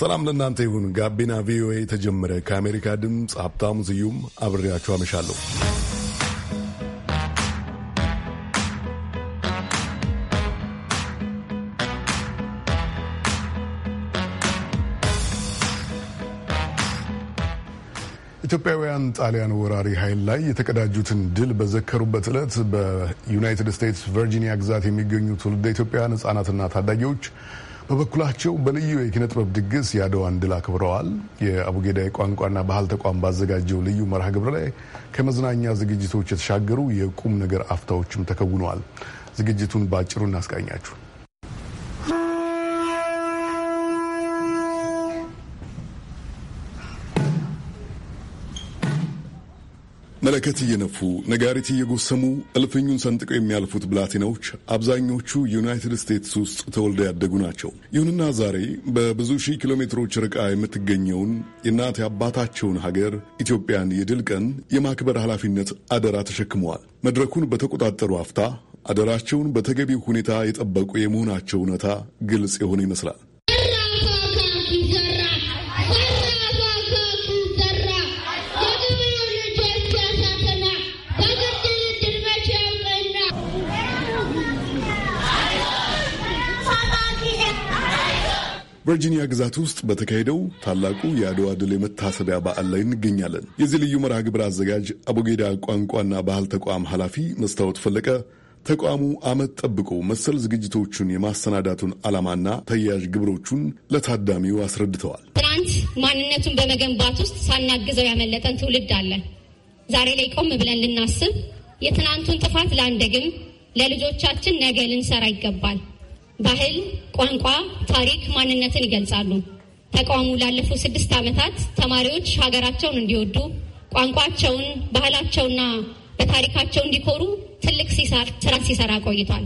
ሰላም ለእናንተ ይሁን። ጋቢና ቪኦኤ የተጀመረ ከአሜሪካ ድምፅ ሀብታሙ ስዩም አብሬያችሁ አመሻለሁ። ኢትዮጵያውያን ጣሊያን ወራሪ ኃይል ላይ የተቀዳጁትን ድል በዘከሩበት ዕለት በዩናይትድ ስቴትስ ቨርጂኒያ ግዛት የሚገኙ ትውልደ ኢትዮጵያውያን ህጻናትና ታዳጊዎች በበኩላቸው በልዩ የኪነ ጥበብ ድግስ የአድዋን ድል አክብረዋል። የአቡጌዳይ ቋንቋና ባህል ተቋም ባዘጋጀው ልዩ መርሃ ግብር ላይ ከመዝናኛ ዝግጅቶች የተሻገሩ የቁም ነገር አፍታዎችም ተከውነዋል። ዝግጅቱን በአጭሩ እናስቃኛችሁ። መለከት እየነፉ ነጋሪት እየጎሰሙ እልፍኙን ሰንጥቀው የሚያልፉት ብላቴናዎች አብዛኞቹ ዩናይትድ ስቴትስ ውስጥ ተወልደው ያደጉ ናቸው። ይሁንና ዛሬ በብዙ ሺህ ኪሎ ሜትሮች ርቃ የምትገኘውን የእናት አባታቸውን ሀገር ኢትዮጵያን የድል ቀን የማክበር ኃላፊነት አደራ ተሸክመዋል። መድረኩን በተቆጣጠሩ አፍታ አደራቸውን በተገቢው ሁኔታ የጠበቁ የመሆናቸው እውነታ ግልጽ የሆነ ይመስላል። ቨርጂኒያ ግዛት ውስጥ በተካሄደው ታላቁ የአድዋ ድል የመታሰቢያ በዓል ላይ እንገኛለን። የዚህ ልዩ መርሃ ግብር አዘጋጅ አቦጌዳ ቋንቋና ባህል ተቋም ኃላፊ መስታወት ፈለቀ ተቋሙ ዓመት ጠብቆ መሰል ዝግጅቶቹን የማሰናዳቱን ዓላማና ተያያዥ ግብሮቹን ለታዳሚው አስረድተዋል። ትናንት ማንነቱን በመገንባት ውስጥ ሳናግዘው ያመለጠን ትውልድ አለ። ዛሬ ላይ ቆም ብለን ልናስብ፣ የትናንቱን ጥፋት ላንደግም፣ ለልጆቻችን ነገ ልንሰራ ይገባል። ባህል፣ ቋንቋ፣ ታሪክ ማንነትን ይገልጻሉ። ተቋሙ ላለፉት ስድስት ዓመታት ተማሪዎች ሀገራቸውን እንዲወዱ ቋንቋቸውን፣ ባህላቸውና በታሪካቸው እንዲኮሩ ትልቅ ስራ ሲሰራ ቆይቷል።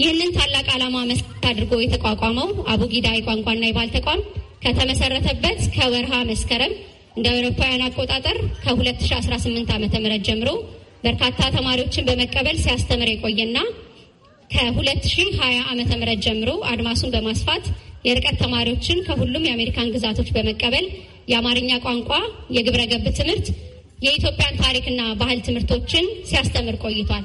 ይህንን ታላቅ ዓላማ መሰረት አድርጎ የተቋቋመው አቡጊዳ የቋንቋና የባህል ተቋም ከተመሰረተበት ከወርሃ መስከረም እንደ አውሮፓውያን አቆጣጠር ከ2018 ዓ ም ጀምሮ በርካታ ተማሪዎችን በመቀበል ሲያስተምር የቆየና ከ2020 ዓ ም ጀምሮ አድማሱን በማስፋት የርቀት ተማሪዎችን ከሁሉም የአሜሪካን ግዛቶች በመቀበል የአማርኛ ቋንቋ፣ የግብረ ገብ ትምህርት፣ የኢትዮጵያን ታሪክና ባህል ትምህርቶችን ሲያስተምር ቆይቷል።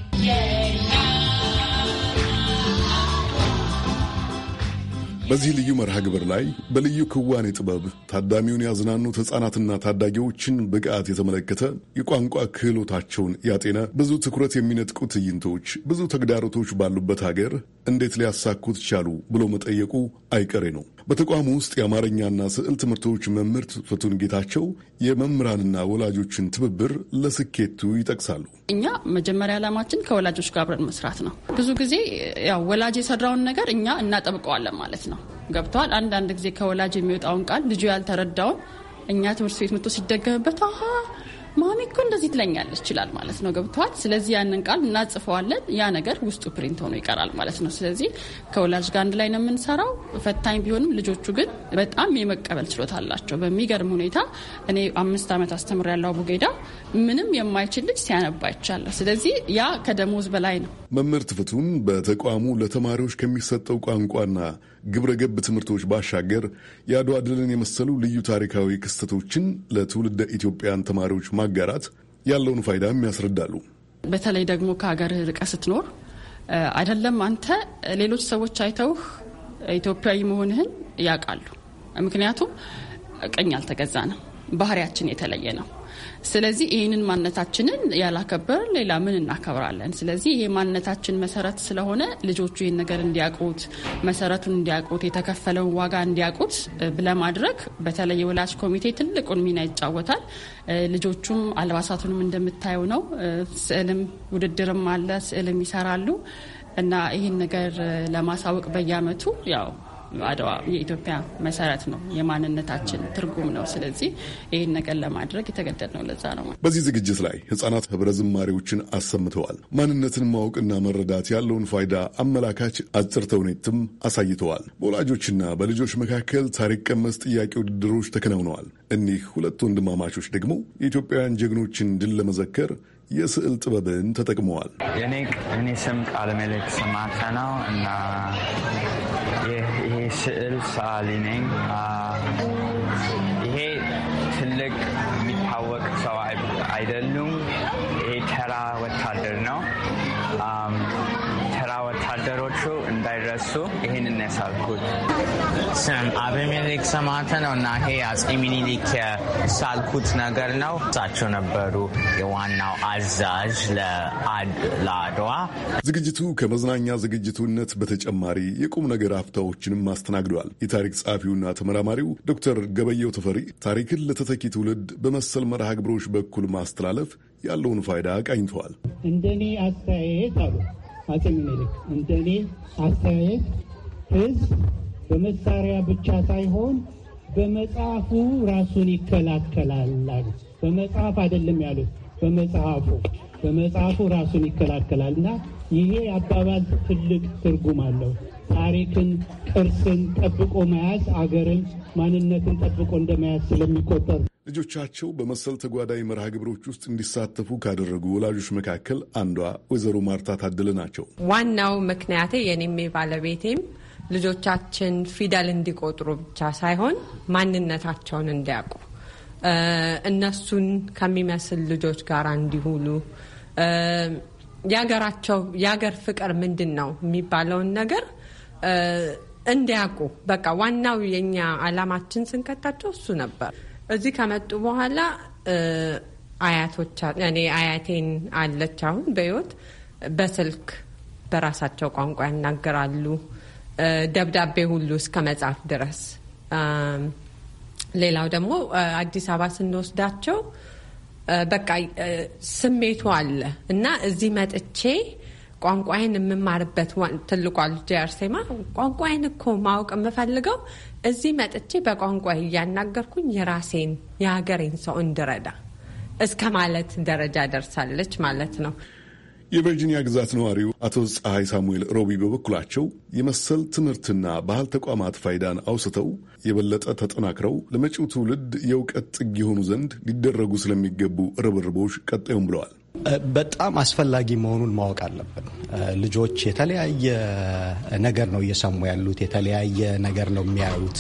በዚህ ልዩ መርሃ ግብር ላይ በልዩ ክዋኔ ጥበብ ታዳሚውን ያዝናኑት ሕፃናትና ታዳጊዎችን ብቃት የተመለከተ የቋንቋ ክህሎታቸውን ያጤነ ብዙ ትኩረት የሚነጥቁ ትዕይንቶች፣ ብዙ ተግዳሮቶች ባሉበት ሀገር እንዴት ሊያሳኩት ቻሉ ብሎ መጠየቁ አይቀሬ ነው። በተቋሙ ውስጥ የአማርኛና ስዕል ትምህርቶች መምህር ፍቱን ጌታቸው የመምህራንና ወላጆችን ትብብር ለስኬቱ ይጠቅሳሉ። እኛ መጀመሪያ ዓላማችን ከወላጆች ጋር አብረን መስራት ነው። ብዙ ጊዜ ያው ወላጅ የሰራውን ነገር እኛ እናጠብቀዋለን ማለት ነው። ገብተዋል። አንዳንድ ጊዜ ከወላጅ የሚወጣውን ቃል ልጁ ያልተረዳውን እኛ ትምህርት ቤት መጥቶ ሲደገምበት ማሚ እኮ እንደዚህ ትለኛለች ይችላል ማለት ነው ገብተዋል። ስለዚህ ያንን ቃል እናጽፈዋለን። ያ ነገር ውስጡ ፕሪንት ሆኖ ይቀራል ማለት ነው። ስለዚህ ከወላጅ ጋር አንድ ላይ ነው የምንሰራው። ፈታኝ ቢሆንም ልጆቹ ግን በጣም የመቀበል ችሎታ አላቸው። በሚገርም ሁኔታ እኔ አምስት ዓመት አስተምር ያለው አቡጌዳ ምንም የማይችል ልጅ ሲያነባ ይቻለሁ። ስለዚህ ያ ከደሞዝ በላይ ነው። መምህርት ፍቱን በተቋሙ ለተማሪዎች ከሚሰጠው ቋንቋና ግብረ ገብ ትምህርቶች ባሻገር የአድዋ ድልን የመሰሉ ልዩ ታሪካዊ ክስተቶችን ለትውልደ ኢትዮጵያን ተማሪዎች ማጋራት ያለውን ፋይዳም ያስረዳሉ። በተለይ ደግሞ ከሀገር ርቀ ስትኖር አይደለም አንተ ሌሎች ሰዎች አይተውህ ኢትዮጵያዊ መሆንህን ያውቃሉ። ምክንያቱም ቅኝ አልተገዛንም፣ ባህሪያችን የተለየ ነው። ስለዚህ ይህንን ማንነታችንን ያላከበር ሌላ ምን እናከብራለን? ስለዚህ ይሄ ማንነታችን መሰረት ስለሆነ ልጆቹ ይህን ነገር እንዲያውቁት፣ መሰረቱን እንዲያውቁት፣ የተከፈለውን ዋጋ እንዲያውቁት ለማድረግ በተለይ የወላጅ ኮሚቴ ትልቁን ሚና ይጫወታል። ልጆቹም አልባሳቱንም እንደምታየው ነው። ስዕልም ውድድርም አለ፣ ስዕልም ይሰራሉ እና ይህን ነገር ለማሳወቅ በየአመቱ ያው አድዋ የኢትዮጵያ መሰረት ነው፣ የማንነታችን ትርጉም ነው። ስለዚህ ይህን ነገር ለማድረግ ነው። ለዛ ነው። በዚህ ዝግጅት ላይ ህጻናት ህብረ ዝማሬዎችን አሰምተዋል። ማንነትን ማወቅና መረዳት ያለውን ፋይዳ አመላካች አጭር ተውኔትም አሳይተዋል። በወላጆችና በልጆች መካከል ታሪክ ቀመስ ጥያቄ ውድድሮች ተከናውነዋል። እኒህ ሁለት ወንድማማቾች ደግሞ የኢትዮጵያውያን ጀግኖችን ድል ለመዘከር የስዕል ጥበብን ተጠቅመዋል። እኔ ስም ቃለመልክ ስማተ ነው እና ስዕል ሰዓሊ ነኝ። ይሄ ትልቅ የሚታወቅ ሰው አይደሉም። ይሄ ተራ ወታደር ነው። ተራ ወታደሮቹ ደርሶ ይህንን ያሳልኩት ስም አቤሜሌክ ሰማተ ነው እና ይሄ አፄ ሚኒሊክ የሳልኩት ነገር ነው። እሳቸው ነበሩ የዋናው አዛዥ ለአድዋ። ዝግጅቱ ከመዝናኛ ዝግጅቱነት በተጨማሪ የቁም ነገር ሀብታዎችንም አስተናግደዋል። የታሪክ ጸሐፊውና ተመራማሪው ዶክተር ገበየው ተፈሪ ታሪክን ለተተኪ ትውልድ በመሰል መርሃ ግብሮች በኩል ማስተላለፍ ያለውን ፋይዳ ቃኝተዋል። እንደኔ አስተያየት አሉ አጼ ምኒልክ እንደ እኔ አስተያየት ህዝብ በመሳሪያ ብቻ ሳይሆን በመጽሐፉ ራሱን ይከላከላል አሉ። በመጽሐፍ አይደለም ያሉት፣ በመጽሐፉ በመጽሐፉ ራሱን ይከላከላል እና ይሄ አባባል ትልቅ ትርጉም አለው። ታሪክን፣ ቅርስን ጠብቆ መያዝ አገርን፣ ማንነትን ጠብቆ እንደመያዝ ስለሚቆጠር ልጆቻቸው በመሰል ተጓዳኝ መርሃ ግብሮች ውስጥ እንዲሳተፉ ካደረጉ ወላጆች መካከል አንዷ ወይዘሮ ማርታ ታደለ ናቸው። ዋናው ምክንያቴ የኔም ባለቤቴም ልጆቻችን ፊደል እንዲቆጥሩ ብቻ ሳይሆን ማንነታቸውን እንዲያውቁ እነሱን ከሚመስል ልጆች ጋር እንዲውሉ የሀገራቸው የሀገር ፍቅር ምንድን ነው የሚባለውን ነገር እንዲያውቁ በቃ ዋናው የኛ አላማችን ስንከታቸው እሱ ነበር። እዚህ ከመጡ በኋላ አያቶች እኔ አያቴን አለች አሁን በህይወት በስልክ በራሳቸው ቋንቋ ያናገራሉ። ደብዳቤ ሁሉ እስከ መጻፍ ድረስ። ሌላው ደግሞ አዲስ አበባ ስንወስዳቸው በቃ ስሜቱ አለ እና እዚህ መጥቼ ቋንቋዬን የምማርበት ትልቋ ልጄ አርሴማ ቋንቋዬን እኮ ማወቅ የምፈልገው እዚህ መጥቼ በቋንቋ እያናገርኩኝ የራሴን የሀገሬን ሰው እንድረዳ እስከ ማለት ደረጃ ደርሳለች ማለት ነው። የቨርጂኒያ ግዛት ነዋሪው አቶ ፀሐይ ሳሙኤል ሮቢ በበኩላቸው የመሰል ትምህርትና ባህል ተቋማት ፋይዳን አውስተው የበለጠ ተጠናክረው ለመጪው ትውልድ የእውቀት ጥግ የሆኑ ዘንድ ሊደረጉ ስለሚገቡ ርብርቦች ቀጣዩም ብለዋል። በጣም አስፈላጊ መሆኑን ማወቅ አለብን። ልጆች የተለያየ ነገር ነው እየሰሙ ያሉት፣ የተለያየ ነገር ነው የሚያዩት።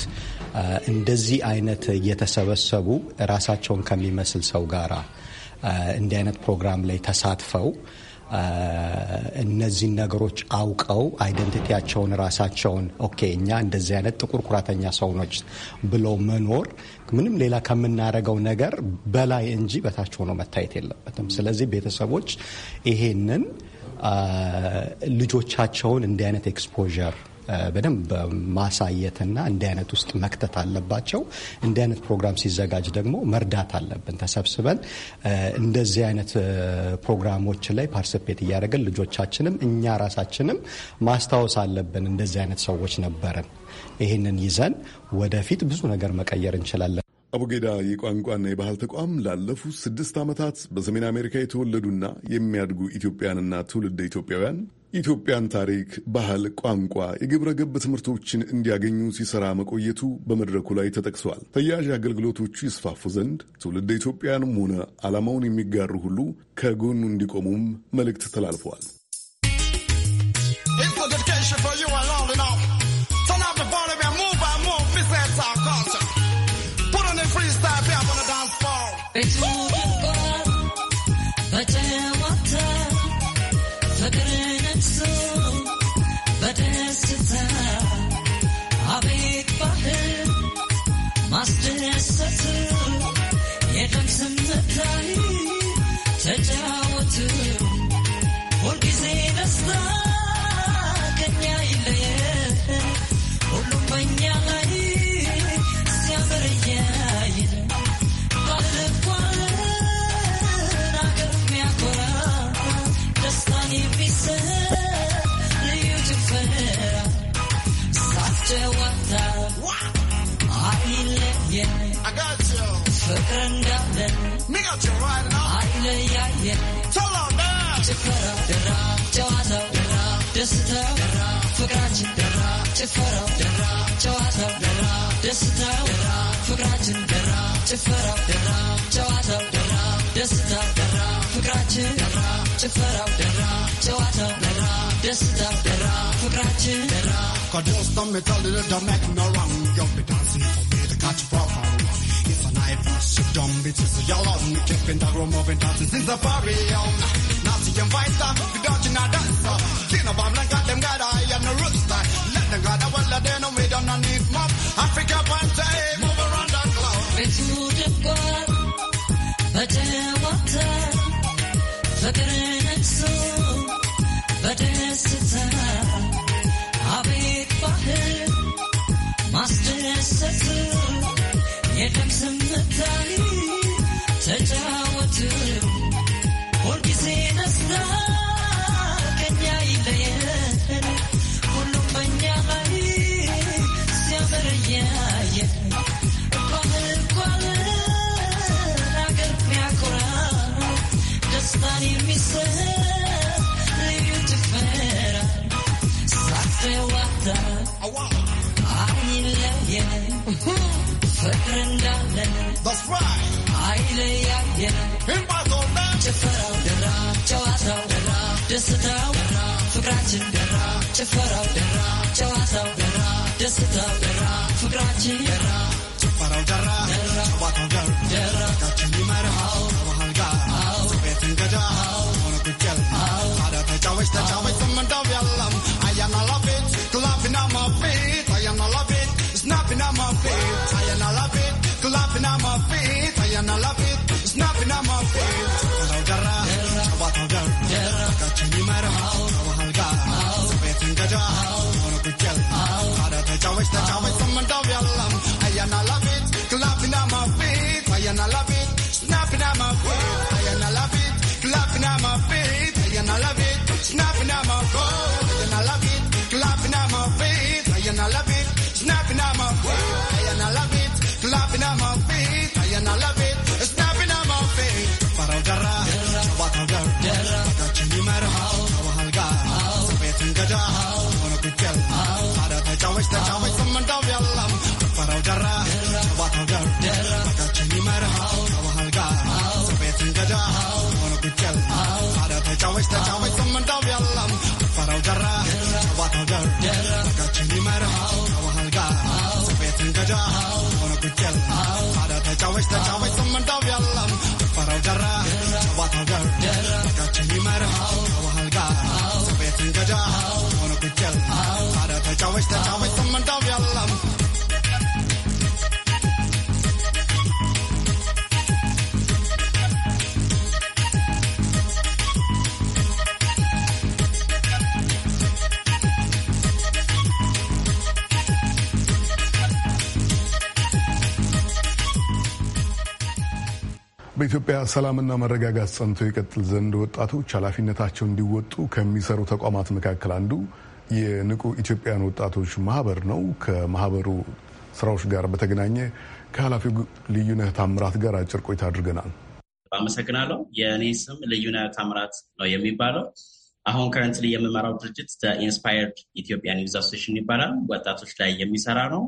እንደዚህ አይነት እየተሰበሰቡ ራሳቸውን ከሚመስል ሰው ጋራ እንዲህ አይነት ፕሮግራም ላይ ተሳትፈው እነዚህን ነገሮች አውቀው አይደንቲቲያቸውን ራሳቸውን ኦኬ እኛ እንደዚህ አይነት ጥቁር ኩራተኛ ሰውኖች ብለው መኖር ምንም ሌላ ከምናደርገው ነገር በላይ እንጂ በታች ሆኖ መታየት የለበትም። ስለዚህ ቤተሰቦች ይሄንን ልጆቻቸውን እንዲህ አይነት ኤክስፖዠር በደንብ ማሳየትና እንዲህ አይነት ውስጥ መክተት አለባቸው። እንዲህ አይነት ፕሮግራም ሲዘጋጅ ደግሞ መርዳት አለብን። ተሰብስበን እንደዚህ አይነት ፕሮግራሞች ላይ ፓርቲስፔት እያደረግን ልጆቻችንም እኛ ራሳችንም ማስታወስ አለብን። እንደዚህ አይነት ሰዎች ነበርን። ይህንን ይዘን ወደፊት ብዙ ነገር መቀየር እንችላለን። አቡጌዳ የቋንቋና የባህል ተቋም ላለፉት ስድስት ዓመታት በሰሜን አሜሪካ የተወለዱና የሚያድጉ ኢትዮጵያንና ትውልድ ኢትዮጵያውያን ኢትዮጵያን ታሪክ፣ ባህል፣ ቋንቋ፣ የግብረ ገብ ትምህርቶችን እንዲያገኙ ሲሰራ መቆየቱ በመድረኩ ላይ ተጠቅሷል። ተያዥ አገልግሎቶቹ ይስፋፉ ዘንድ ትውልደ ኢትዮጵያንም ሆነ ዓላማውን የሚጋሩ ሁሉ ከጎኑ እንዲቆሙም መልእክት ተላልፈዋል። It's ደስታው ፍቅራችን ደራ ጭፈራው ደራ ጨዋታው ደራ ደስታው ደራ ፍቅራችን ደራ ጭፈራው ደራ ጨዋታው ደራ ደስታው ደራ ፍቅራችን ደራ ጭፈራው ደራ ጨዋታው ደራ ደስታው ደራ ፍቅራችን ደራ Cause don't me tell you don't make no wrong You'll be dancing for me to catch a problem It's a night for shit dumb bitches y'all on me in the room moving dancing since the party on Nazi and Weiss up, don't you not dance no bomb like got them got eye and no roots like let them got a well they no we don't need mop Africa one day, move around the globe. it's who them got but I want to forgetting it so but it's a time I'll be for him master is a tool yet I'm some time to tell what to do Just a joy, someone to be alone. For a ሰላምና መረጋጋት ጸንቶ ይቀጥል ዘንድ ወጣቶች ኃላፊነታቸውን እንዲወጡ ከሚሰሩ ተቋማት መካከል አንዱ የንቁ ኢትዮጵያን ወጣቶች ማህበር ነው። ከማህበሩ ስራዎች ጋር በተገናኘ ከኃላፊው ልዩነህ ታምራት ጋር አጭር ቆይታ አድርገናል። አመሰግናለሁ። የእኔ ስም ልዩነህ ታምራት ነው የሚባለው። አሁን ከረንትሊ የምመራው ድርጅት ኢንስፓየርድ ኢትዮጵያን ዩዝ አሶሴሽን ይባላል። ወጣቶች ላይ የሚሰራ ነው።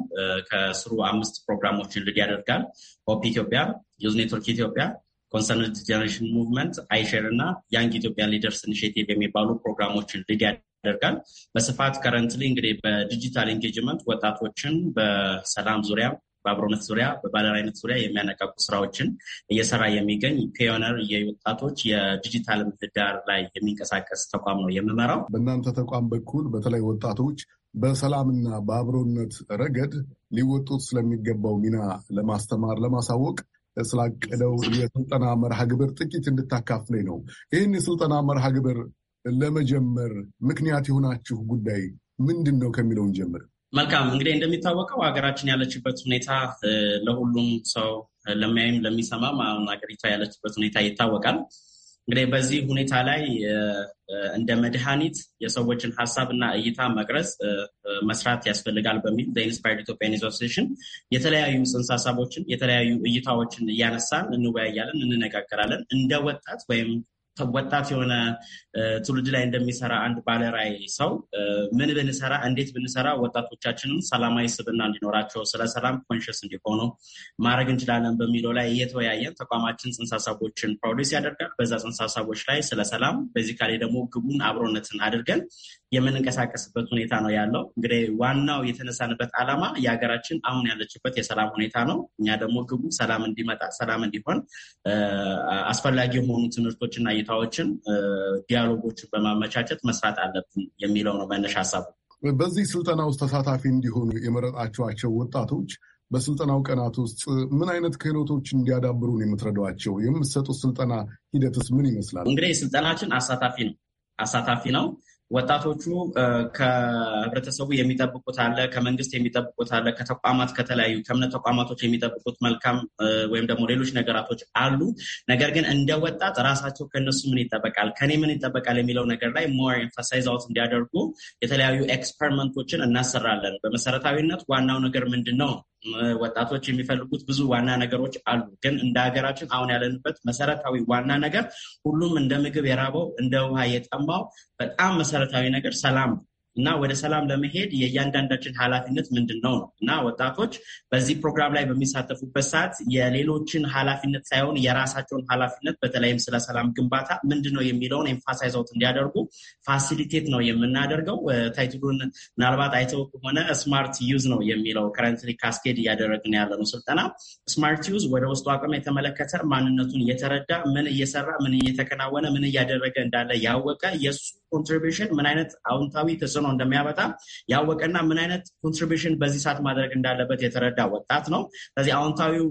ከስሩ አምስት ፕሮግራሞችን ልድ ያደርጋል። ሆፕ ኢትዮጵያ፣ ዩዝ ኔትወርክ ኢትዮጵያ ኮንሰርንድ ጀነሬሽን ሙቭመንት አይሸር እና ያንግ ኢትዮጵያ ሊደርስ ኢኒሽቲቭ የሚባሉ ፕሮግራሞችን ሊድ ያደርጋል። በስፋት ከረንትሊ እንግዲህ በዲጂታል ኢንጌጅመንት ወጣቶችን በሰላም ዙሪያ በአብሮነት ዙሪያ በባለራዕይነት ዙሪያ የሚያነቃቁ ስራዎችን እየሰራ የሚገኝ ፒዮነር የወጣቶች የዲጂታል ምህዳር ላይ የሚንቀሳቀስ ተቋም ነው የምመራው። በእናንተ ተቋም በኩል በተለይ ወጣቶች በሰላምና በአብሮነት ረገድ ሊወጡት ስለሚገባው ሚና ለማስተማር፣ ለማሳወቅ ስላቀደው የስልጠና መርሃ ግብር ጥቂት እንድታካፍለኝ ነው። ይህን የስልጠና መርሃ ግብር ለመጀመር ምክንያት የሆናችሁ ጉዳይ ምንድን ነው ከሚለው ጀምር። መልካም እንግዲህ እንደሚታወቀው ሀገራችን ያለችበት ሁኔታ ለሁሉም ሰው ለሚያይም ለሚሰማም አሁን ሀገሪቷ ያለችበት ሁኔታ ይታወቃል። እንግዲህ በዚህ ሁኔታ ላይ እንደ መድኃኒት የሰዎችን ሀሳብ እና እይታ መቅረጽ መስራት ያስፈልጋል በሚል ኢንስፓየርድ ኢትዮጵያን አሶሲዬሽን የተለያዩ ጽንሰ ሀሳቦችን የተለያዩ እይታዎችን እያነሳን እንወያያለን፣ እንነጋገራለን። እንደ ወጣት ወይም ወጣት የሆነ ትውልድ ላይ እንደሚሰራ አንድ ባለራይ ሰው ምን ብንሰራ እንዴት ብንሰራ ወጣቶቻችንም ሰላማዊ ስብና እንዲኖራቸው ስለ ሰላም ኮንሽስ እንዲሆኑ ማድረግ እንችላለን በሚለው ላይ እየተወያየን ተቋማችን ጽንሰ ሀሳቦችን ፕሮዲስ ያደርጋል። በዛ ጽንሰ ሀሳቦች ላይ ስለ ሰላም፣ በዚህ ካሌ ደግሞ ግቡን አብሮነትን አድርገን የምንንቀሳቀስበት ሁኔታ ነው ያለው። እንግዲህ ዋናው የተነሳንበት ዓላማ የሀገራችን አሁን ያለችበት የሰላም ሁኔታ ነው። እኛ ደግሞ ግቡ ሰላም እንዲመጣ ሰላም እንዲሆን አስፈላጊ የሆኑ ትምህርቶችና እይታዎችን፣ ዲያሎጎችን በማመቻቸት መስራት አለብን የሚለው ነው መነሻ ሀሳቡ። በዚህ ስልጠና ውስጥ ተሳታፊ እንዲሆኑ የመረጣችኋቸው ወጣቶች በስልጠናው ቀናት ውስጥ ምን አይነት ክህሎቶች እንዲያዳብሩ ነው የምትረዷቸው? የምትሰጡት ስልጠና ሂደትስ ምን ይመስላል? እንግዲህ ስልጠናችን አሳታፊ ነው አሳታፊ ነው ወጣቶቹ ከህብረተሰቡ የሚጠብቁት አለ፣ ከመንግስት የሚጠብቁት አለ፣ ከተቋማት ከተለያዩ ከእምነት ተቋማቶች የሚጠብቁት መልካም ወይም ደግሞ ሌሎች ነገራቶች አሉ። ነገር ግን እንደ ወጣት ራሳቸው ከነሱ ምን ይጠበቃል፣ ከኔ ምን ይጠበቃል የሚለው ነገር ላይ ሞር ኤንፈሳይዝ አውት እንዲያደርጉ የተለያዩ ኤክስፐሪመንቶችን እናሰራለን። በመሰረታዊነት ዋናው ነገር ምንድን ነው ወጣቶች የሚፈልጉት ብዙ ዋና ነገሮች አሉ። ግን እንደ ሀገራችን አሁን ያለንበት መሰረታዊ ዋና ነገር ሁሉም እንደ ምግብ የራበው እንደ ውሃ የጠማው በጣም መሰረታዊ ነገር ሰላም ነው። እና ወደ ሰላም ለመሄድ የእያንዳንዳችን ኃላፊነት ምንድን ነው ነው እና ወጣቶች በዚህ ፕሮግራም ላይ በሚሳተፉበት ሰዓት የሌሎችን ኃላፊነት ሳይሆን የራሳቸውን ኃላፊነት በተለይም ስለ ሰላም ግንባታ ምንድን ነው የሚለውን ኤምፋሳይዘውት እንዲያደርጉ ፋሲሊቴት ነው የምናደርገው። ታይትሉን ምናልባት አይተው ከሆነ ስማርት ዩዝ ነው የሚለው ከረንትሊ ካስኬድ እያደረግን ነው ስልጠና ስማርት ዩዝ ወደ ውስጡ አቅም የተመለከተ ማንነቱን እየተረዳ ምን እየሰራ ምን እየተከናወነ ምን እያደረገ እንዳለ ያወቀ የእሱ ኮንትሪቢሽን ምን አይነት አውንታዊ ተጽዕኖ እንደሚያመጣ ያወቀና ምን አይነት ኮንትሪቢሽን በዚህ ሰዓት ማድረግ እንዳለበት የተረዳ ወጣት ነው። ስለዚህ አውንታዊው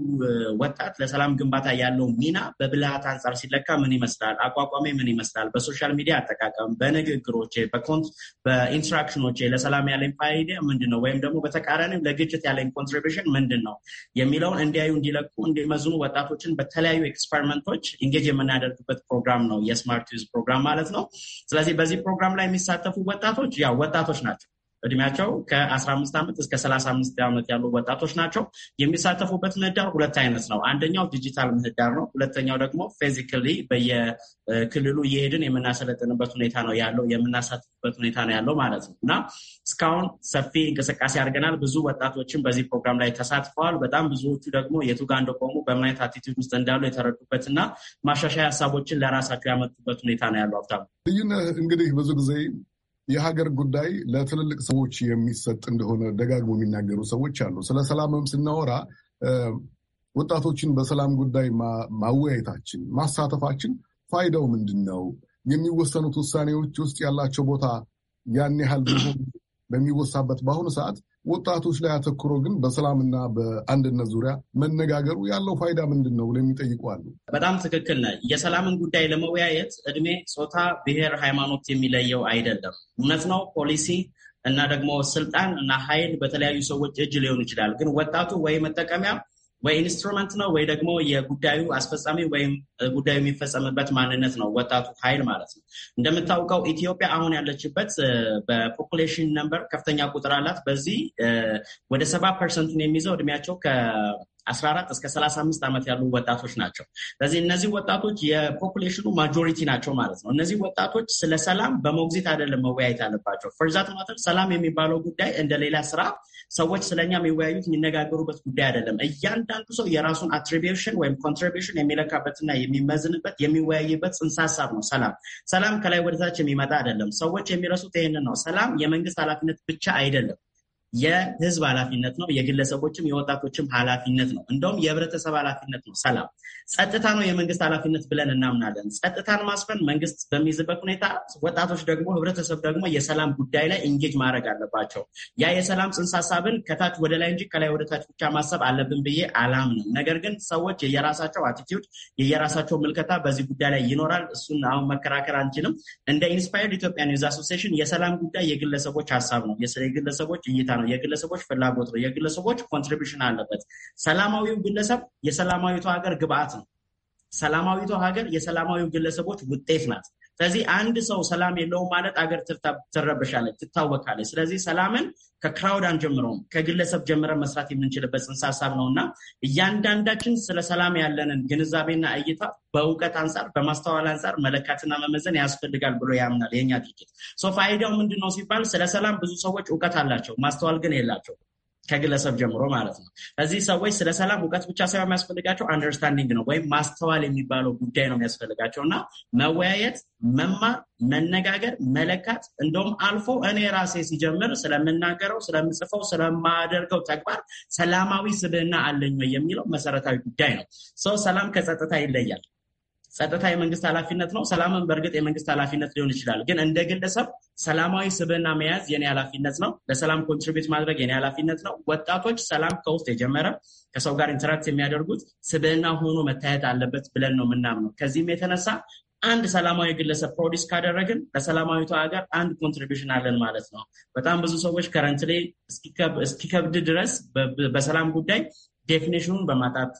ወጣት ለሰላም ግንባታ ያለው ሚና በብልሃት አንጻር ሲለካ ምን ይመስላል? አቋቋሜ ምን ይመስላል? በሶሻል ሚዲያ አጠቃቀም፣ በንግግሮቼ፣ በኢንስትራክሽኖቼ ለሰላም ያለኝ ፋይዳ ምንድን ነው? ወይም ደግሞ በተቃራኒ ለግጭት ያለኝ ኮንትሪቢሽን ምንድን ነው የሚለውን እንዲያዩ፣ እንዲለቁ፣ እንዲመዝኑ ወጣቶችን በተለያዩ ኤክስፐሪመንቶች ኢንጌጅ የምናደርግበት ፕሮግራም ነው የስማርት ዩዝ ፕሮግራም ማለት ነው። ስለዚህ በዚህ ፕሮግራም ላይ የሚሳተፉ ወጣቶች ያው ወጣቶች ናቸው። እድሜያቸው ከ15 ዓመት እስከ 35 ዓመት ያሉ ወጣቶች ናቸው። የሚሳተፉበት ምህዳር ሁለት አይነት ነው። አንደኛው ዲጂታል ምህዳር ነው። ሁለተኛው ደግሞ ፊዚካሊ በየክልሉ እየሄድን የምናሰለጥንበት ሁኔታ ነው ያለው የምናሳትፉበት ሁኔታ ነው ያለው ማለት ነው እና እስካሁን ሰፊ እንቅስቃሴ አድርገናል። ብዙ ወጣቶችን በዚህ ፕሮግራም ላይ ተሳትፈዋል። በጣም ብዙዎቹ ደግሞ የቱ ጋር እንደቆሙ በምን አይነት አቲቲዩድ ውስጥ እንዳሉ የተረዱበት እና ማሻሻያ ሀሳቦችን ለራሳቸው ያመጡበት ሁኔታ ነው ያለው። ሀብታሙ ልዩነህ እንግዲህ ብዙ ጊዜ የሀገር ጉዳይ ለትልልቅ ሰዎች የሚሰጥ እንደሆነ ደጋግሞ የሚናገሩ ሰዎች አሉ። ስለ ሰላምም ስናወራ ወጣቶችን በሰላም ጉዳይ ማወያየታችን፣ ማሳተፋችን ፋይዳው ምንድን ነው? የሚወሰኑት ውሳኔዎች ውስጥ ያላቸው ቦታ ያን ያህል በሚወሳበት በአሁኑ ሰዓት ወጣቶች ላይ አተኩሮ ግን በሰላምና በአንድነት ዙሪያ መነጋገሩ ያለው ፋይዳ ምንድን ነው ብለው የሚጠይቁ አሉ። በጣም ትክክል ነህ። የሰላምን ጉዳይ ለመወያየት እድሜ፣ ጾታ፣ ብሔር፣ ሃይማኖት የሚለየው አይደለም። እውነት ነው ፖሊሲ እና ደግሞ ስልጣን እና ኃይል በተለያዩ ሰዎች እጅ ሊሆን ይችላል። ግን ወጣቱ ወይ መጠቀሚያ ወይ ኢንስትሩመንት ነው ወይ ደግሞ የጉዳዩ አስፈጻሚ ወይም ጉዳዩ የሚፈጸምበት ማንነት ነው ወጣቱ ኃይል ማለት ነው። እንደምታውቀው ኢትዮጵያ አሁን ያለችበት በፖፑሌሽን ነምበር ከፍተኛ ቁጥር አላት። በዚህ ወደ ሰባ ፐርሰንቱን የሚይዘው እድሜያቸው 14 እስከ 35 ዓመት ያሉ ወጣቶች ናቸው። ስለዚህ እነዚህ ወጣቶች የፖፑሌሽኑ ማጆሪቲ ናቸው ማለት ነው። እነዚህ ወጣቶች ስለ ሰላም በሞግዚት አይደለም መወያየት አለባቸው። ፈርዛት ማተር ሰላም የሚባለው ጉዳይ እንደ ሌላ ስራ ሰዎች ስለኛ የሚወያዩት የሚነጋገሩበት ጉዳይ አይደለም። እያንዳንዱ ሰው የራሱን አትሪቢሽን ወይም ኮንትሪቢሽን የሚለካበትና የሚመዝንበት የሚወያይበት ጽንሰ ሀሳብ ነው። ሰላም ሰላም ከላይ ወደታች የሚመጣ አይደለም። ሰዎች የሚረሱት ይህንን ነው። ሰላም የመንግስት ኃላፊነት ብቻ አይደለም። የህዝብ ኃላፊነት ነው። የግለሰቦችም የወጣቶችም ኃላፊነት ነው። እንደውም የህብረተሰብ ኃላፊነት ነው። ሰላም ጸጥታ ነው የመንግስት ኃላፊነት ብለን እናምናለን። ጸጥታን ማስፈን መንግስት በሚይዝበት ሁኔታ ወጣቶች ደግሞ ህብረተሰብ ደግሞ የሰላም ጉዳይ ላይ እንጌጅ ማድረግ አለባቸው። ያ የሰላም ጽንሰ ሀሳብን ከታች ወደ ላይ እንጂ ከላይ ወደ ታች ብቻ ማሰብ አለብን ብዬ አላምንም። ነገር ግን ሰዎች የየራሳቸው አቲቲዩድ የየራሳቸው ምልከታ በዚህ ጉዳይ ላይ ይኖራል። እሱን አሁን መከራከር አንችልም። እንደ ኢንስፓየርድ ኢትዮጵያ ኒውዝ አሶሲሽን የሰላም ጉዳይ የግለሰቦች ሀሳብ ነው፣ የግለሰቦች እይታ ነው፣ የግለሰቦች ፍላጎት ነው፣ የግለሰቦች ኮንትሪቢሽን አለበት። ሰላማዊው ግለሰብ የሰላማዊቷ ሀገር ግብአት ነው። ሰላማዊቷ ሀገር የሰላማዊው ግለሰቦች ውጤት ናት። ስለዚህ አንድ ሰው ሰላም የለውም ማለት አገር ትረበሻለች፣ ትታወቃለች። ስለዚህ ሰላምን ከክራውድ አንጀምረውም ከግለሰብ ጀምረን መስራት የምንችልበት ጽንሰ ሀሳብ ነው እና እያንዳንዳችን ስለ ሰላም ያለንን ግንዛቤና እይታ በእውቀት አንጻር በማስተዋል አንጻር መለካትና መመዘን ያስፈልጋል ብሎ ያምናል የኛ ድርጅት። ሶ ፋይዳው ምንድን ነው ሲባል ስለ ሰላም ብዙ ሰዎች እውቀት አላቸው፣ ማስተዋል ግን የላቸው ከግለሰብ ጀምሮ ማለት ነው። እዚህ ሰዎች ስለ ሰላም እውቀት ብቻ ሳይሆን የሚያስፈልጋቸው አንደርስታንዲንግ ነው ወይም ማስተዋል የሚባለው ጉዳይ ነው የሚያስፈልጋቸው እና መወያየት፣ መማር፣ መነጋገር፣ መለካት እንደውም አልፎ እኔ ራሴ ሲጀምር ስለምናገረው፣ ስለምጽፈው፣ ስለማደርገው ተግባር ሰላማዊ ስብዕና አለኝ የሚለው መሰረታዊ ጉዳይ ነው። ሰው ሰላም ከጸጥታ ይለያል። ጸጥታ የመንግስት ኃላፊነት ነው። ሰላምን በእርግጥ የመንግስት ኃላፊነት ሊሆን ይችላል። ግን እንደ ግለሰብ ሰላማዊ ስብዕና መያዝ የኔ ኃላፊነት ነው። ለሰላም ኮንትሪቢዩት ማድረግ የኔ ኃላፊነት ነው። ወጣቶች ሰላም ከውስጥ የጀመረ ከሰው ጋር ኢንተራክት የሚያደርጉት ስብዕና ሆኖ መታየት አለበት ብለን ነው የምናምነው። ከዚህም የተነሳ አንድ ሰላማዊ ግለሰብ ፕሮዲስ ካደረግን ለሰላማዊቷ ሀገር አንድ ኮንትሪቢሽን አለን ማለት ነው። በጣም ብዙ ሰዎች ከረንት ላይ እስኪከብድ ድረስ በሰላም ጉዳይ ዴፊኒሽኑን በማጣት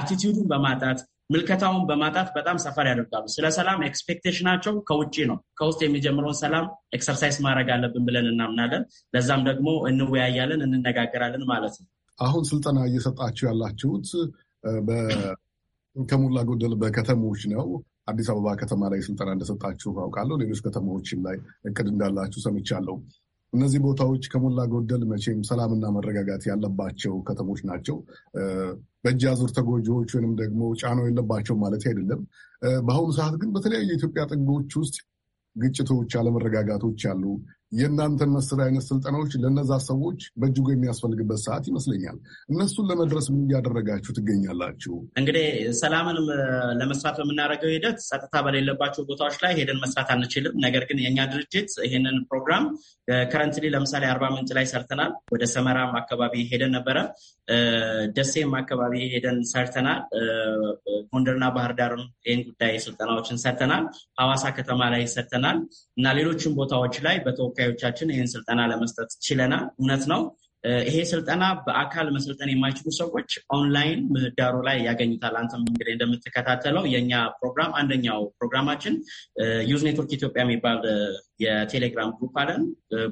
አቲቲዩዱን በማጣት ምልከታውን በማጣት በጣም ሰፈር ያደርጋሉ። ስለ ሰላም ኤክስፔክቴሽናቸው ከውጭ ነው። ከውስጥ የሚጀምረውን ሰላም ኤክሰርሳይዝ ማድረግ አለብን ብለን እናምናለን። ለዛም ደግሞ እንወያያለን፣ እንነጋገራለን ማለት ነው። አሁን ስልጠና እየሰጣችሁ ያላችሁት ከሞላ ጎደል በከተሞች ነው። አዲስ አበባ ከተማ ላይ ስልጠና እንደሰጣችሁ አውቃለሁ። ሌሎች ከተማዎችም ላይ እቅድ እንዳላችሁ ሰምቻለሁ። እነዚህ ቦታዎች ከሞላ ጎደል መቼም ሰላምና መረጋጋት ያለባቸው ከተሞች ናቸው። በእጅ አዙር ተጎጂዎች ወይንም ደግሞ ጫናው የለባቸው ማለት አይደለም። በአሁኑ ሰዓት ግን በተለያዩ የኢትዮጵያ ጥጎች ውስጥ ግጭቶች፣ አለመረጋጋቶች አሉ። የእናንተን መሰል አይነት ስልጠናዎች ለነዛ ሰዎች በእጅጉ የሚያስፈልግበት ሰዓት ይመስለኛል። እነሱን ለመድረስ ምን እያደረጋችሁ ትገኛላችሁ? እንግዲህ ሰላምን ለመስራት በምናደርገው ሂደት ጸጥታ በሌለባቸው ቦታዎች ላይ ሄደን መስራት አንችልም። ነገር ግን የእኛ ድርጅት ይህንን ፕሮግራም ከረንትሊ ለምሳሌ አርባ ምንጭ ላይ ሰርተናል። ወደ ሰመራም አካባቢ ሄደን ነበረ። ደሴም አካባቢ ሄደን ሰርተናል። ጎንደርና ባህር ዳርም ይህን ጉዳይ ስልጠናዎችን ሰርተናል። ሐዋሳ ከተማ ላይ ሰርተናል እና ሌሎችም ቦታዎች ላይ በተወ ተወካዮቻችን ይህን ስልጠና ለመስጠት ችለናል። እውነት ነው ይሄ ስልጠና በአካል መሰልጠን የማይችሉ ሰዎች ኦንላይን ምህዳሩ ላይ ያገኙታል። አንተም እንግዲህ እንደምትከታተለው የኛ ፕሮግራም አንደኛው ፕሮግራማችን ዩዝ ኔትወርክ ኢትዮጵያ የሚባል የቴሌግራም ግሩፕ አለን።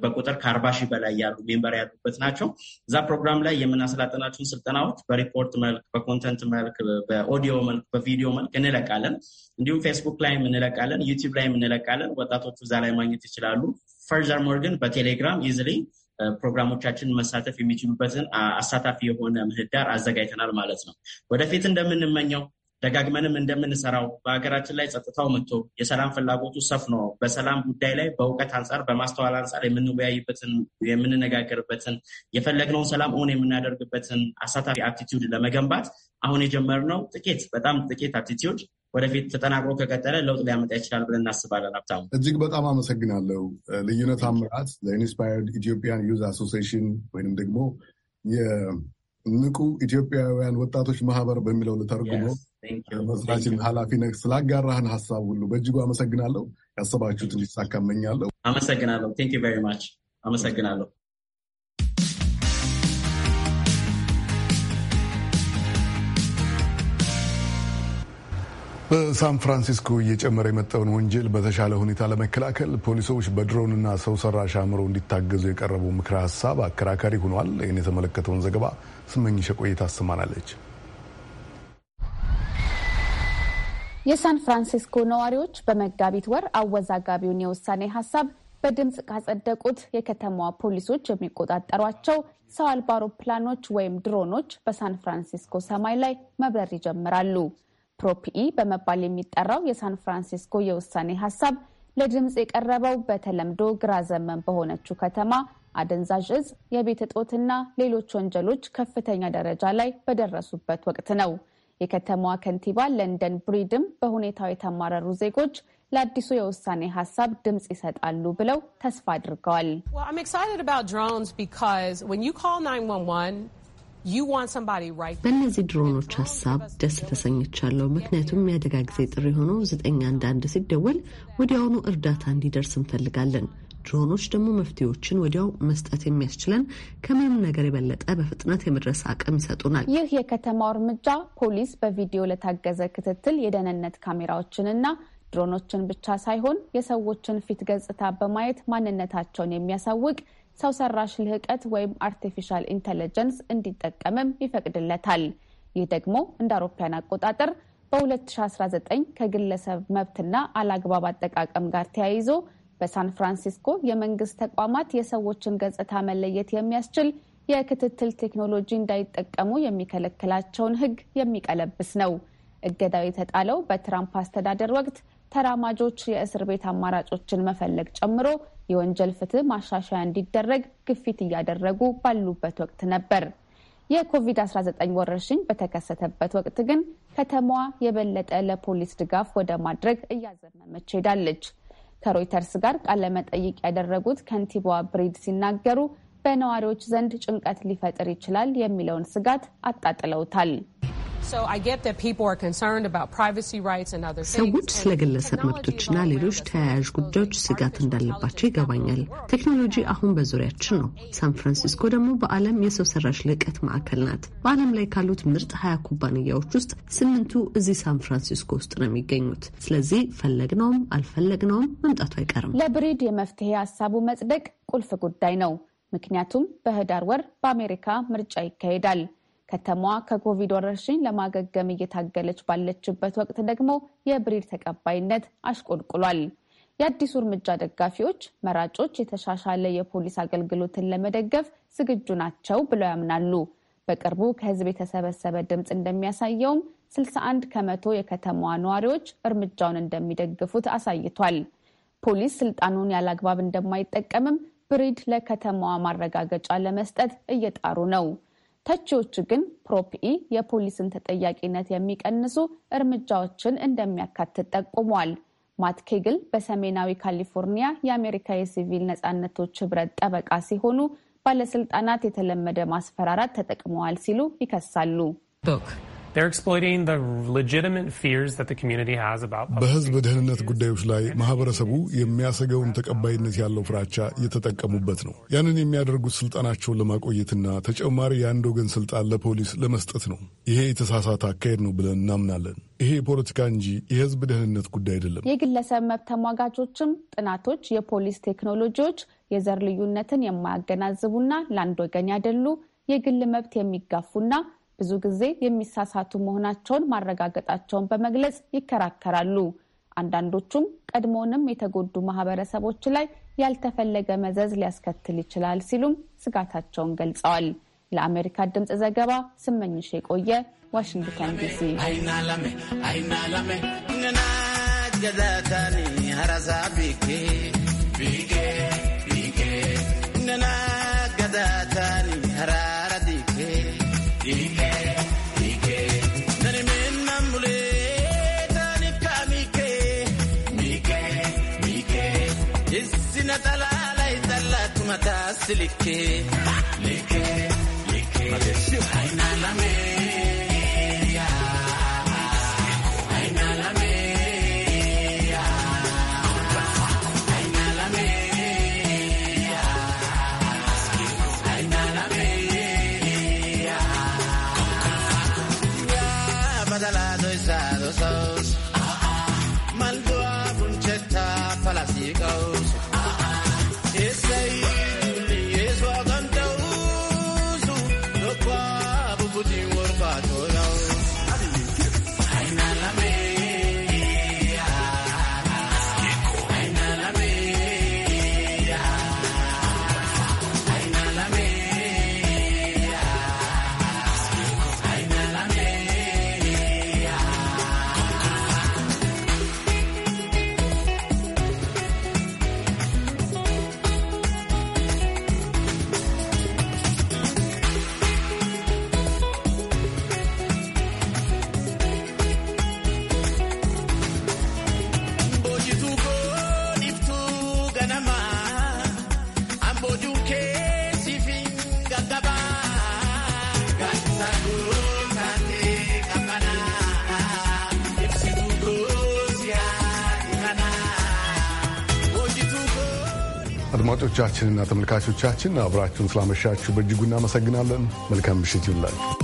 በቁጥር ከአርባ ሺህ በላይ ያሉ ሜምበር ያሉበት ናቸው። እዛ ፕሮግራም ላይ የምናሰላጠናቸውን ስልጠናዎች በሪፖርት መልክ፣ በኮንተንት መልክ፣ በኦዲዮ መልክ፣ በቪዲዮ መልክ እንለቃለን። እንዲሁም ፌስቡክ ላይም እንለቃለን፣ ዩቲዩብ ላይም እንለቃለን። ወጣቶቹ እዛ ላይ ማግኘት ይችላሉ። ፈርዘርሞር ግን በቴሌግራም ኢዝሊ ፕሮግራሞቻችን መሳተፍ የሚችሉበትን አሳታፊ የሆነ ምህዳር አዘጋጅተናል ማለት ነው። ወደፊት እንደምንመኘው ደጋግመንም እንደምንሰራው በሀገራችን ላይ ጸጥታው መጥቶ የሰላም ፍላጎቱ ሰፍኖ በሰላም ጉዳይ ላይ በእውቀት አንጻር በማስተዋል አንጻር የምንወያይበትን የምንነጋገርበትን የፈለግነውን ሰላም እውን የምናደርግበትን አሳታፊ አፕቲቲዩድ ለመገንባት አሁን የጀመርነው ጥቂት በጣም ጥቂት አፕቲቲዩድ ወደፊት ተጠናቅሮ ከቀጠለ ለውጥ ሊያመጣ ይችላል ብለን እናስባለን። ሀብታሙ እጅግ በጣም አመሰግናለሁ። ልዩነት አምራት ለኢንስፓየርድ ኢትዮጵያን ዩዝ አሶሲሽን ወይንም ደግሞ የንቁ ኢትዮጵያውያን ወጣቶች ማህበር በሚለው ልተርጉሞ መስራችን ኃላፊ ነህ ስላጋራህን ሀሳብ ሁሉ በእጅጉ አመሰግናለሁ። ያሰባችሁት እንዲሳካ እመኛለሁ። አመሰግናለሁ። ቴንክ ዩ ቬሪ ማች አመሰግናለሁ። በሳን ፍራንሲስኮ እየጨመረ የመጣውን ወንጀል በተሻለ ሁኔታ ለመከላከል ፖሊሶች በድሮንና ሰው ሰራሽ አእምሮ እንዲታገዙ የቀረበው ምክረ ሀሳብ አከራካሪ ሆኗል። ይህን የተመለከተውን ዘገባ ስመኝሸ ቆይታ አሰማናለች። የሳን ፍራንሲስኮ ነዋሪዎች በመጋቢት ወር አወዛጋቢውን የውሳኔ ሀሳብ በድምፅ ካጸደቁት የከተማዋ ፖሊሶች የሚቆጣጠሯቸው ሰው አልባ አውሮፕላኖች ወይም ድሮኖች በሳን ፍራንሲስኮ ሰማይ ላይ መብረር ይጀምራሉ። ፕሮፒኢ በመባል የሚጠራው የሳን ፍራንሲስኮ የውሳኔ ሀሳብ ለድምፅ የቀረበው በተለምዶ ግራ ዘመን በሆነችው ከተማ አደንዛዥ እጽ፣ የቤት እጦትና ሌሎች ወንጀሎች ከፍተኛ ደረጃ ላይ በደረሱበት ወቅት ነው። የከተማዋ ከንቲባ ለንደን ብሪድም በሁኔታው የተማረሩ ዜጎች ለአዲሱ የውሳኔ ሀሳብ ድምፅ ይሰጣሉ ብለው ተስፋ አድርገዋል። በእነዚህ ድሮኖች ሀሳብ ደስ ተሰኝቻለሁ። ምክንያቱም የአደጋ ጊዜ ጥሪ ሆኖ ዘጠኝ አንድ አንድ ሲደወል ወዲያውኑ እርዳታ እንዲደርስ እንፈልጋለን። ድሮኖች ደግሞ መፍትሄዎችን ወዲያው መስጠት የሚያስችለን ከምንም ነገር የበለጠ በፍጥነት የመድረስ አቅም ይሰጡናል። ይህ የከተማው እርምጃ ፖሊስ በቪዲዮ ለታገዘ ክትትል የደህንነት ካሜራዎችንና ድሮኖችን ብቻ ሳይሆን የሰዎችን ፊት ገጽታ በማየት ማንነታቸውን የሚያሳውቅ ሰው ሰራሽ ልህቀት ወይም አርቲፊሻል ኢንተለጀንስ እንዲጠቀምም ይፈቅድለታል። ይህ ደግሞ እንደ አውሮፓያን አቆጣጠር በ2019 ከግለሰብ መብትና አላግባብ አጠቃቀም ጋር ተያይዞ በሳን ፍራንሲስኮ የመንግስት ተቋማት የሰዎችን ገጽታ መለየት የሚያስችል የክትትል ቴክኖሎጂ እንዳይጠቀሙ የሚከለክላቸውን ሕግ የሚቀለብስ ነው። እገዳው የተጣለው በትራምፕ አስተዳደር ወቅት ተራማጆች የእስር ቤት አማራጮችን መፈለግ ጨምሮ የወንጀል ፍትህ ማሻሻያ እንዲደረግ ግፊት እያደረጉ ባሉበት ወቅት ነበር። የኮቪድ-19 ወረርሽኝ በተከሰተበት ወቅት ግን ከተማዋ የበለጠ ለፖሊስ ድጋፍ ወደ ማድረግ እያዘመመች ሄዳለች። ከሮይተርስ ጋር ቃለመጠይቅ ያደረጉት ከንቲባዋ ብሪድ ሲናገሩ በነዋሪዎች ዘንድ ጭንቀት ሊፈጥር ይችላል የሚለውን ስጋት አጣጥለውታል። ሰዎች ስለ ግለሰብ መብቶችና ሌሎች ተያያዥ ጉዳዮች ስጋት እንዳለባቸው ይገባኛል። ቴክኖሎጂ አሁን በዙሪያችን ነው። ሳን ፍራንሲስኮ ደግሞ በዓለም የሰው ሰራሽ ልቀት ማዕከል ናት። በዓለም ላይ ካሉት ምርጥ ሀያ ኩባንያዎች ውስጥ ስምንቱ እዚህ ሳን ፍራንሲስኮ ውስጥ ነው የሚገኙት። ስለዚህ ፈለግነውም አልፈለግነውም መምጣቱ አይቀርም። ለብሪድ የመፍትሄ ሀሳቡ መጽደቅ ቁልፍ ጉዳይ ነው። ምክንያቱም በህዳር ወር በአሜሪካ ምርጫ ይካሄዳል። ከተማዋ ከኮቪድ ወረርሽኝ ለማገገም እየታገለች ባለችበት ወቅት ደግሞ የብሪድ ተቀባይነት አሽቆልቁሏል። የአዲሱ እርምጃ ደጋፊዎች መራጮች የተሻሻለ የፖሊስ አገልግሎትን ለመደገፍ ዝግጁ ናቸው ብለው ያምናሉ። በቅርቡ ከህዝብ የተሰበሰበ ድምፅ እንደሚያሳየውም 61 ከመቶ የከተማዋ ነዋሪዎች እርምጃውን እንደሚደግፉት አሳይቷል። ፖሊስ ስልጣኑን ያለአግባብ እንደማይጠቀምም ብሪድ ለከተማዋ ማረጋገጫ ለመስጠት እየጣሩ ነው። ተቺዎቹ ግን ፕሮፕኢ የፖሊስን ተጠያቂነት የሚቀንሱ እርምጃዎችን እንደሚያካትት ጠቁሟል። ማት ኬግል በሰሜናዊ ካሊፎርኒያ የአሜሪካ የሲቪል ነጻነቶች ህብረት ጠበቃ ሲሆኑ ባለስልጣናት የተለመደ ማስፈራራት ተጠቅመዋል ሲሉ ይከሳሉ። በህዝብ ደህንነት ጉዳዮች ላይ ማህበረሰቡ የሚያሰገውን ተቀባይነት ያለው ፍራቻ እየተጠቀሙበት ነው። ያንን የሚያደርጉት ስልጣናቸውን ለማቆየትና ተጨማሪ የአንድ ወገን ስልጣን ለፖሊስ ለመስጠት ነው። ይሄ የተሳሳተ አካሄድ ነው ብለን እናምናለን። ይሄ የፖለቲካ እንጂ የህዝብ ደህንነት ጉዳይ አይደለም። የግለሰብ መብት ተሟጋቾችም ጥናቶች የፖሊስ ቴክኖሎጂዎች የዘር ልዩነትን የማያገናዝቡና ለአንድ ወገን ያደሉ የግል መብት የሚጋፉና ብዙ ጊዜ የሚሳሳቱ መሆናቸውን ማረጋገጣቸውን በመግለጽ ይከራከራሉ። አንዳንዶቹም ቀድሞውንም የተጎዱ ማህበረሰቦች ላይ ያልተፈለገ መዘዝ ሊያስከትል ይችላል ሲሉም ስጋታቸውን ገልጸዋል። ለአሜሪካ ድምፅ ዘገባ ስመኝሽ የቆየ ዋሽንግተን ዲሲ። ገዳታኒ ሀራዛ ቢኬ Like አድማጮቻችንና ተመልካቾቻችን አብራችሁን ስላመሻችሁ በእጅጉ እናመሰግናለን። መልካም ምሽት ይሁንላችሁ።